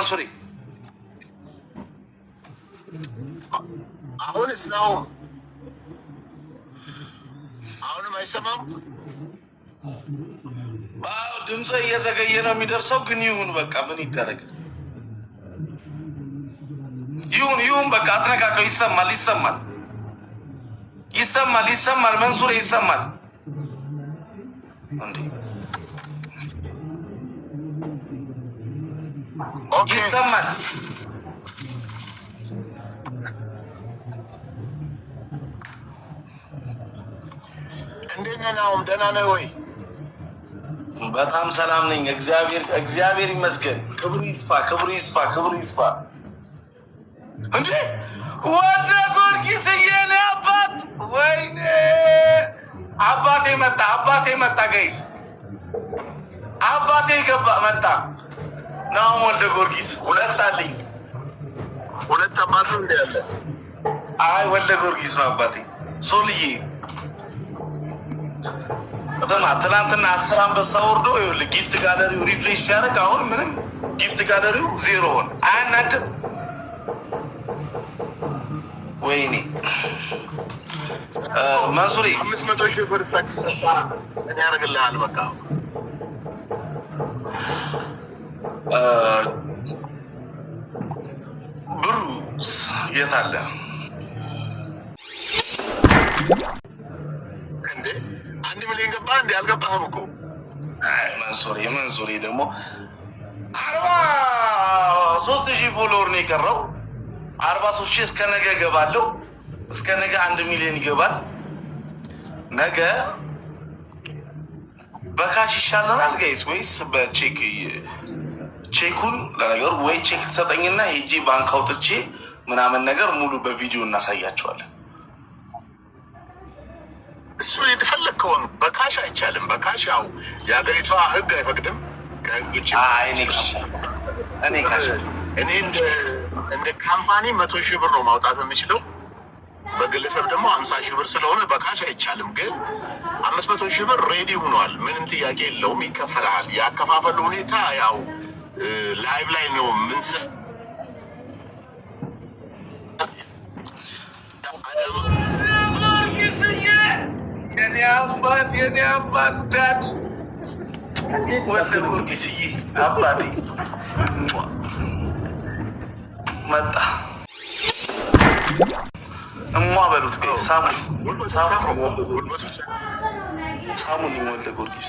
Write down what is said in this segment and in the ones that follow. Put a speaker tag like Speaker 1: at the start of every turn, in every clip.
Speaker 1: አንሱሪ አሁንስ ነው። አሁንም አይሰማም። ድምፅ እየዘገየ ነው የሚደርሰው፣ ግን ይሁን በቃ ምን ይደረግ። ይሁን ይሁን በቃ አትነካከው። ይሰማል ይሰማል ይሰማል ይሰማል። መንሱሬ ይሰማል እንዴ ይሰማል። እንዴት ነህ ናሁም? ደህና ነህ ወይ? በጣም ሰላም ነኝ፣ እግዚአብሔር ይመስገን። ክብሩ ይስፋ፣ ክብሩ ይስፋ፣ ክብሩ ይስፋ። እንዴ ወደ ጊዮርጊስዬ ነህ አባት? ወይኔ አባቴ መጣ፣ አባቴ መጣ፣ ገይስ አባቴ ገባ መጣ ናሁ ወልደ ጊዮርጊስ ሁለት አለኝ።
Speaker 2: ሁለት አባት እንደ ያለ
Speaker 1: አይ ወልደ ጊዮርጊስ ነው አባቴ። ሶልዬ ስማ፣ ትናንትና አስር አንበሳ ወርዶ ጊፍት ጋለሪው ሪፍሬሽ ሲያደርግ አሁን ምንም ጊፍት ጋለሪው ዜሮ ሆነ። አያናድም? ወይኔ መንሱሪ
Speaker 2: አምስት መቶ ሺህ ብር ሰክስ እኔ ያደርግልሃል በቃ
Speaker 1: ብሩስ የት አለ
Speaker 2: እንዴ? አንድ ሚሊዮን ገባ እንዴ? አልገባህም እኮ
Speaker 1: መንሱሬ። መንሱሬ ደግሞ አርባ ሶስት ሺህ ፎሎወር ነው የቀረው። አርባ ሶስት ሺህ እስከ ነገ ገባለው። እስከ ነገ አንድ ሚሊዮን ይገባል። ነገ በካሽ ይሻለናል ጋይስ ወይስ በቼክ ቼኩን ለነገሩ ወይ ቼክ ትሰጠኝና ሄጂ ባንክ አውጥቼ ምናምን ነገር ሙሉ በቪዲዮ እናሳያቸዋለን።
Speaker 2: እሱ የተፈለግከውን በካሽ አይቻልም። በካሽ ያው የሀገሪቷ ህግ አይፈቅድም። እኔ እንደ ካምፓኒ መቶ ሺህ ብር ነው ማውጣት የምችለው። በግለሰብ ደግሞ አምሳ ሺህ ብር ስለሆነ በካሽ አይቻልም። ግን አምስት መቶ ሺህ ብር ሬዲ ሆኗል። ምንም ጥያቄ የለውም። ይከፈልሃል። ያከፋፈሉ ሁኔታ ያው ላይቭ ላይ ነው
Speaker 1: ምን አባት የኔ አባት ዳድ ጊዮርጊስዬ አባቴ መጣ። እሟ በሉት ሳሙት ሳሙት ሳሙን ወልደ ጊዮርጊስ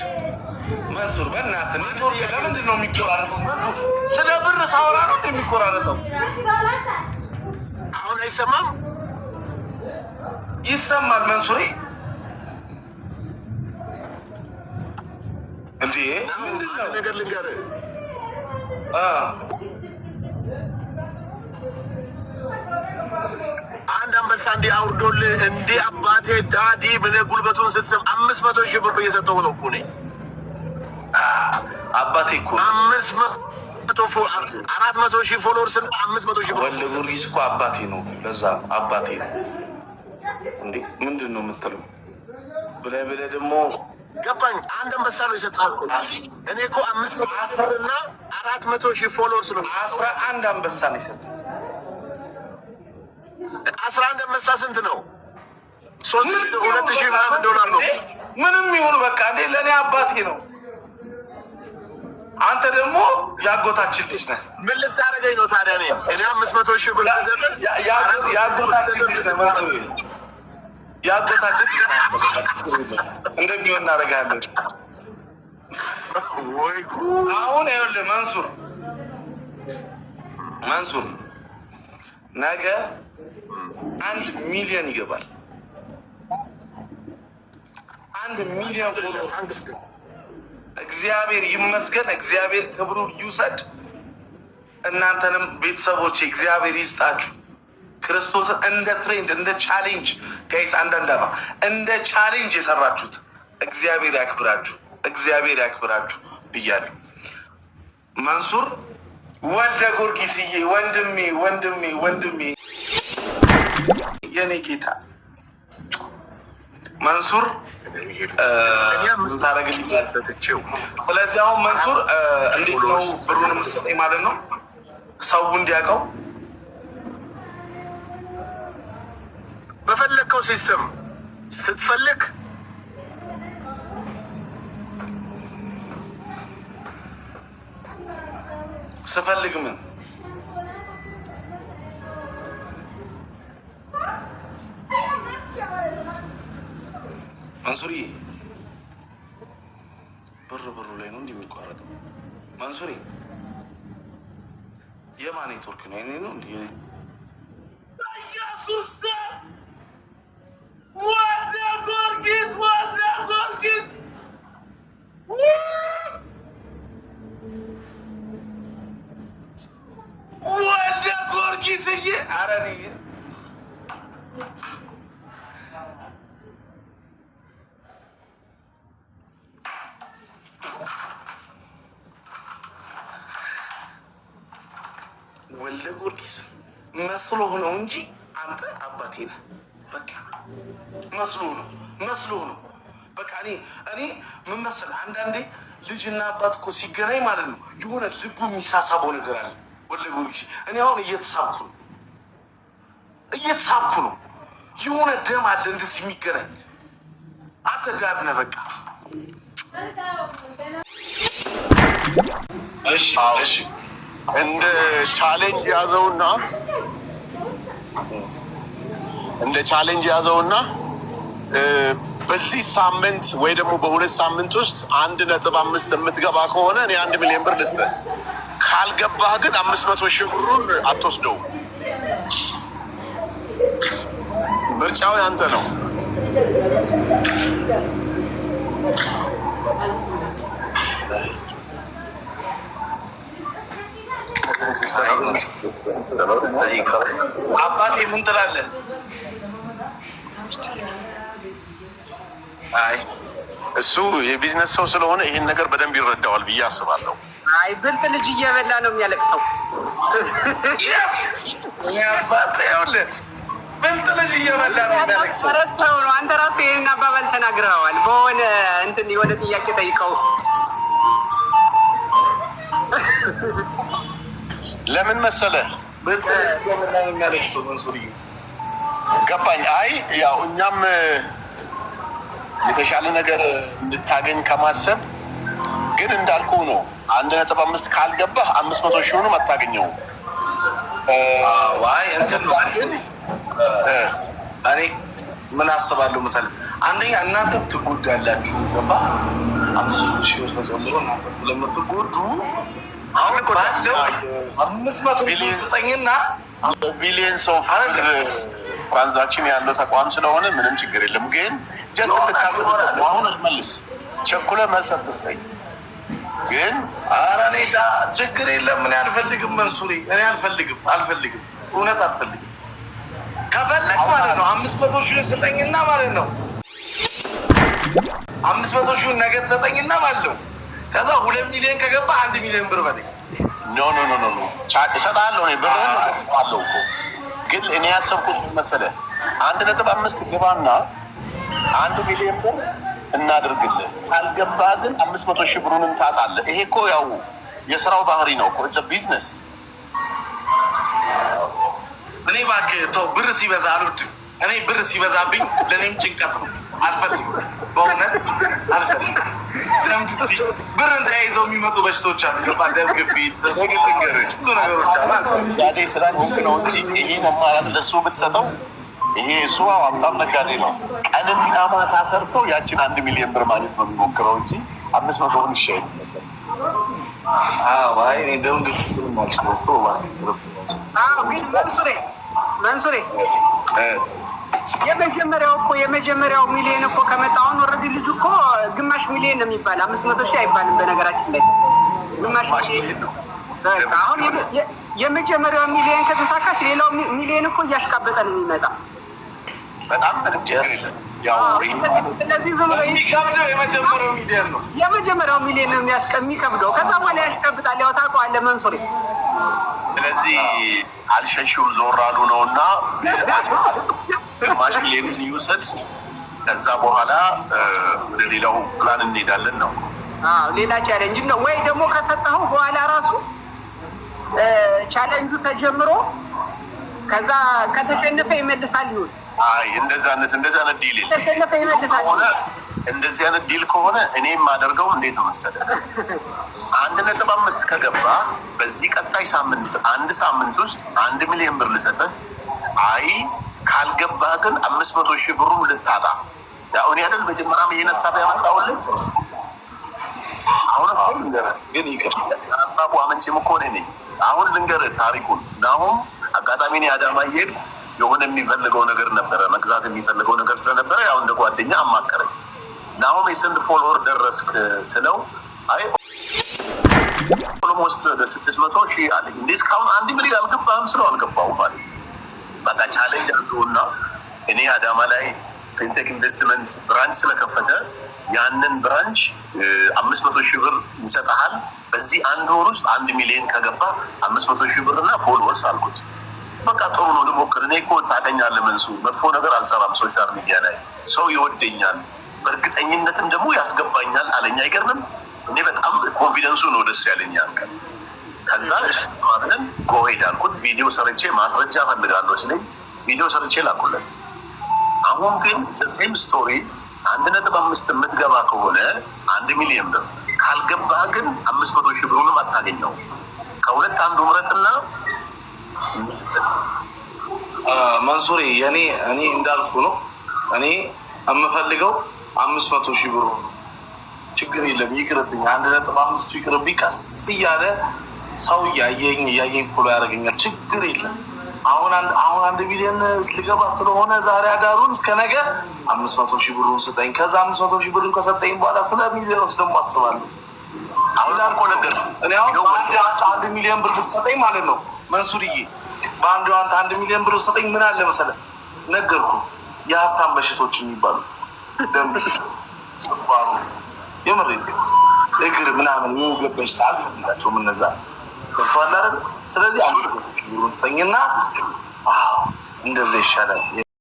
Speaker 2: መንሱር፣ በእናትህ ኔትወርክ ለምንድን ነው የሚቆራረጠው? መንሱር፣ ስለ ብር ሳወራ ነው የሚቆራረጠው።
Speaker 1: አሁን አይሰማም? ይሰማል። መንሱሬ እንዴ
Speaker 2: ነገር ልንገርህ አንድ አንበሳ እንዲህ አውርዶል እንዲህ አባቴ ዳዲ ብለህ ጉልበቱን ስትስብ አምስት መቶ ሺህ ብር እየሰጠው ነው እኮ እኔ አባቴ እኮ አምስት መቶ አራት መቶ ሺህ ፎሎወር ስ አምስት መቶ ሺህ
Speaker 1: ወልደ ጊዮርጊስ እኮ አባቴ ነው። ለዛ አባቴ ነው እንዴ ምንድን ነው የምትለው ብለህ ብለህ ደግሞ
Speaker 2: ገባኝ። አንድ አንበሳ ነው የሰጠው እኔ እኮ አምስት መቶ አስር እና አራት መቶ ሺህ ፎሎወር ስለ
Speaker 1: አስራ አንድ አንበሳ ነው የሰጠው
Speaker 2: አስራ አንድ አንበሳ ስንት ነው? ሶስት ሁለት ሺህ ምናምን ዶላር ነው።
Speaker 1: ምንም ይሁን በቃ እንዴ ለእኔ አባቴ ነው። አንተ ደግሞ ያጎታችን ልጅ ነህ።
Speaker 2: ምን ልታደርገኝ ነው ታዲያ? እኔ እኔ አምስት መቶ ሺህ ብር
Speaker 1: የአጎታችን ልጅ ነህ። የአጎታችን እንደሚሆን እናደርጋለን። አሁን ይኸውልህ መንሱር መንሱር ነገ አንድ ሚሊዮን ይገባል። አንድ ሚሊዮን እግዚአብሔር ይመስገን። እግዚአብሔር ክብሩ ይውሰድ። እናንተንም ቤተሰቦች እግዚአብሔር ይስጣችሁ። ክርስቶስን እንደ ትሬንድ እንደ ቻሌንጅ ጋይስ አንዳንድ አባ እንደ ቻሌንጅ የሰራችሁት እግዚአብሔር ያክብራችሁ፣ እግዚአብሔር ያክብራችሁ ብያለሁ። መንሱር ወልደ ጊዮርጊስዬ ወንድሜ ወንድሜ ወንድሜ የኔ ጌታ መንሱር
Speaker 2: ታረግልኛልሰትችው
Speaker 1: ስለዚህ አሁን መንሱር እንዴት ነው ብሩን የምትሰጠኝ ማለት ነው? ሰው እንዲያውቀው በፈለግከው ሲስተም ስትፈልግ ስፈልግ ምን መንሱርዬ ብር ብሩ ላይ ነው እንዲህ የሚቋረጠው። መንሱሪ የማ ኔትወርክ ነው? የኔ ነው። እንዲህ ኢየሱስ ወደ ጊዮርጊስ ወደ ጊዮርጊስ ጊዜዬ አረንዬ ወልደ ጊዮርጊስ መስሎ ነው እንጂ አንተ አባቴ ነህ። በቃ መስሎ ነው መስሎ ነው። በቃ እኔ እኔ ምን መሰለህ፣ አንዳንዴ ልጅና አባት እኮ ሲገናኝ ማለት ነው የሆነ ልቡ የሚሳሳበው ነገር አለ ወለጉ እኔ አሁን እየተሳብኩ ነው እየተሳብኩ ነው። የሆነ ደም አለ እንደዚህ የሚገናኝ አንተ ጋር ነህ። በቃ እሺ፣ እሺ። እንደ ቻሌንጅ ያዘውና እንደ ቻሌንጅ ያዘውና በዚህ ሳምንት ወይ ደግሞ በሁለት ሳምንት ውስጥ አንድ ነጥብ አምስት የምትገባ ከሆነ እኔ አንድ ሚሊዮን ብር ልስጥህ። ካልገባህ ግን አምስት መቶ ሺህ ብሩን አትወስደውም። ምርጫው ያንተ ነው።
Speaker 2: አባቴ ምን ትላለህ?
Speaker 1: አይ እሱ የቢዝነስ ሰው ስለሆነ ይህን ነገር በደንብ ይረዳዋል ብዬ አስባለሁ።
Speaker 2: አይ ብልጥ ልጅ እየበላ ነው የሚያለቅሰው።
Speaker 1: ብልጥ ልጅ እየበላ ነው የሚያለቅሰው።
Speaker 2: ረስተው ነው አንተ ራሱ ይህን አባባል ተናግረዋል። በሆነ እንትን የሆነ ጥያቄ ጠይቀው
Speaker 1: ለምን መሰለ ገባኝ። አይ ያው እኛም የተሻለ ነገር እንድታገኝ ከማሰብ ግን እንዳልኩ ነው። አንድ ነጥብ አምስት ካልገባህ አምስት መቶ ሺሁንም አታገኘው። እኔ ምን አስባለሁ መሰለህ፣ አንደኛ እናንተም ትጎዳላችሁ። ገባ አምስት መቶ ሺህ እናንተ ስለምትጎዱ አሁን ባለው አምስት መቶ ሺህ ስጠኝና
Speaker 2: ቢሊየን ሰው ትራንዛክሽን ያለው ተቋም ስለሆነ ምንም ችግር የለም። ግን ጀስት ልታስበ አሁን መልስ ቸኩለ መልስ አትስጠኝ። ግን
Speaker 1: ኧረ እኔ ችግር የለም እኔ አልፈልግም፣ መንሱሪ እኔ አልፈልግም አልፈልግም፣ እውነት አልፈልግም። ከፈለግ ማለት ነው አምስት መቶ ሺህ ስጠኝና ማለት ነው አምስት መቶ ሺህ ነገ ትሰጠኝና ማለት ነው። ከዛ ሁለት ሚሊዮን ከገባ አንድ ሚሊዮን ብር በለኝ።
Speaker 2: ኖ ኖ ኖ ኖ እሰጥሀለሁ እኔ ብር አለው እኮ ግን እኔ ያሰብኩት መሰለህ አንድ ነጥብ አምስት ግባና አንድ ሚሊዮን ብር እናድርግልህ። ካልገባህ ግን አምስት መቶ ሺህ ብሩንም ታጣለህ። ይሄ እኮ ያው የስራው ባህሪ ነው እኮ ቢዝነስ።
Speaker 1: እኔ እባክህ ተው፣ ብር ሲበዛ አልወድም። እኔ ብር ሲበዛብኝ ለእኔም ጭንቀት ነው፣ አልፈልግም። በእውነት አልፈልግም። ደም ግፊት፣ ብር እንዳያይዘው የሚመጡ በሽቶች አሉ። ደም ግፊት፣ ብዙ ነገሮች አሉ።
Speaker 2: ስራ ነው እንጂ ይሄ መማራት ለሱ ብትሰጠው ይሄ እሱ ሀብታም ነጋዴ ነው። ቀንና ማታ ሰርተው ያችን አንድ ሚሊዮን ብር ማለት ነው የሚሞክረው እንጂ አምስት መቶ ሆን ይሻል መንሱሬ የመጀመሪያው እኮ የመጀመሪያው ሚሊዮን እኮ ከመጣ አሁን ወረድ ልጁ እኮ ግማሽ ሚሊዮን ነው የሚባል፣ አምስት መቶ ሺህ አይባልም። በነገራችን ላይ ግማሽ ሚሊዮን ነው። አሁን የመጀመሪያው ሚሊዮን ከተሳካሽ ሌላው ሚሊዮን እኮ እያሽቃበጠ ነው የሚመጣ።
Speaker 1: በጣም ደስ የመጀመሪያው ሚሊዮን ነው
Speaker 2: የሚከብደው። ከዛ በኋላ ያሽቀብጣል። ያው ታውቀዋለህ መንሱሬ።
Speaker 1: ስለዚህ አልሸሹም ዞር አሉ ነው እና ግማሽ ሚሊዮን ይውሰድ። ከዛ በኋላ ወደ ሌላው ፕላን እንሄዳለን ነው
Speaker 2: ሌላ ቻሌንጅ ነው ወይ ደግሞ ከሰጠኸው በኋላ ራሱ ቻሌንጁ ተጀምሮ ከዛ ከተሸነፈ ይመልሳል ይሁን
Speaker 1: እንደዚህ አይነት እንደዚህ አይነት ዲል ከሆነ እንደዚህ አይነት ዲል ከሆነ እኔ የማደርገው እንዴት ነው አንድ ነጥብ አምስት ከገባ በዚህ ቀጣይ ሳምንት አንድ ሳምንት ውስጥ አንድ ሚሊዮን ብር ልሰጥህ። አይ ካልገባ ግን አምስት መቶ ሺህ ብሩ ልታጣ እኔ አይደል መጀመሪያም እየነሳብ ያመጣውልን አሁን ግን ይቅር አመንጭም እኮ ነኝ። አሁን ልንገርህ ታሪኩን። አሁን አጋጣሚ እኔ አዳማ እየሄድኩ የሆነ የሚፈልገው ነገር ነበረ፣ መግዛት የሚፈልገው ነገር ስለነበረ ያው እንደ ጓደኛ አማከረኝ። ናሆም የስንት ፎሎወር ደረስክ ስለው አይ ኦልሞስት ስድስት መቶ ሺህ አለኝ። እንዲ እስካሁን አንድ ሚሊዮን አልገባህም ስለው አልገባሁም አለ። በቃ ቻሌንጅ አድርጎ እና እኔ አዳማ ላይ ፊንቴክ ኢንቨስትመንት ብራንች ስለከፈተ ያንን ብራንች አምስት መቶ ሺህ ብር ይሰጠሃል። በዚህ አንድ ወር ውስጥ አንድ ሚሊዮን ከገባ አምስት መቶ ሺህ ብር እና ፎሎወርስ አልኩት። በቃ ጥሩ ነው ልሞክር። እኔ እኮ ታገኛለህ መንሱ፣ መጥፎ ነገር አልሰራም ሶሻል ሚዲያ ላይ ሰው ይወደኛል፣ በእርግጠኝነትም ደግሞ ያስገባኛል አለኝ። አይገርምም? እኔ በጣም ኮንፊደንሱ ነው ደስ ያለኝ። ያንቀን ከዛ ማንን ጎሄድ አልኩት። ቪዲዮ ሰርቼ ማስረጃ ፈልጋለሁ ሲለኝ ቪዲዮ ሰርቼ ላኩለት። አሁን ግን ዘሴም ስቶሪ አንድ ነጥብ አምስት የምትገባ ከሆነ አንድ ሚሊዮን ብር ካልገባህ ግን አምስት መቶ ሺህ ብሩንም አታገኘው። ከሁለት አንዱ ምረጥና መንሱሬ የኔ እኔ እንዳልኩ ነው። እኔ የምፈልገው አምስት መቶ ሺህ ብሩ ችግር የለም ይቅርብኝ። አንድ ነጥብ አምስቱ ይቅርብኝ። ቀስ እያለ ሰው እያየኝ እያየኝ ፎሎ ያደርገኛል። ችግር የለም። አሁን አንድ ሚሊዮን ልገባ ስለሆነ ዛሬ አዳሩን እስከ ነገ አምስት መቶ ሺህ ብሩን ስጠኝ። ከዛ አምስት መቶ ሺህ ብሩን ከሰጠኝ በኋላ ስለ ሚሊዮኖች ደግሞ አስባለሁ። አሁን እኮ ነገር እኔ አንድ ሚሊዮን ብር ብትሰጠኝ ማለት ነው መንሱርዬ፣ በአንድ አንተ አንድ ሚሊዮን ብር ብትሰጠኝ ምን አለ መሰለህ፣ ነገርኩ የሀብታም በሽቶች የሚባሉት ደንብ፣ ስኳሩ፣ የምር እግር ምናምን የእግር በሽታ አልፈልጋቸውም እነዛ ገብቶሃል አይደል? ስለዚህ አንድ ሰኝና እንደዛ ይሻላል።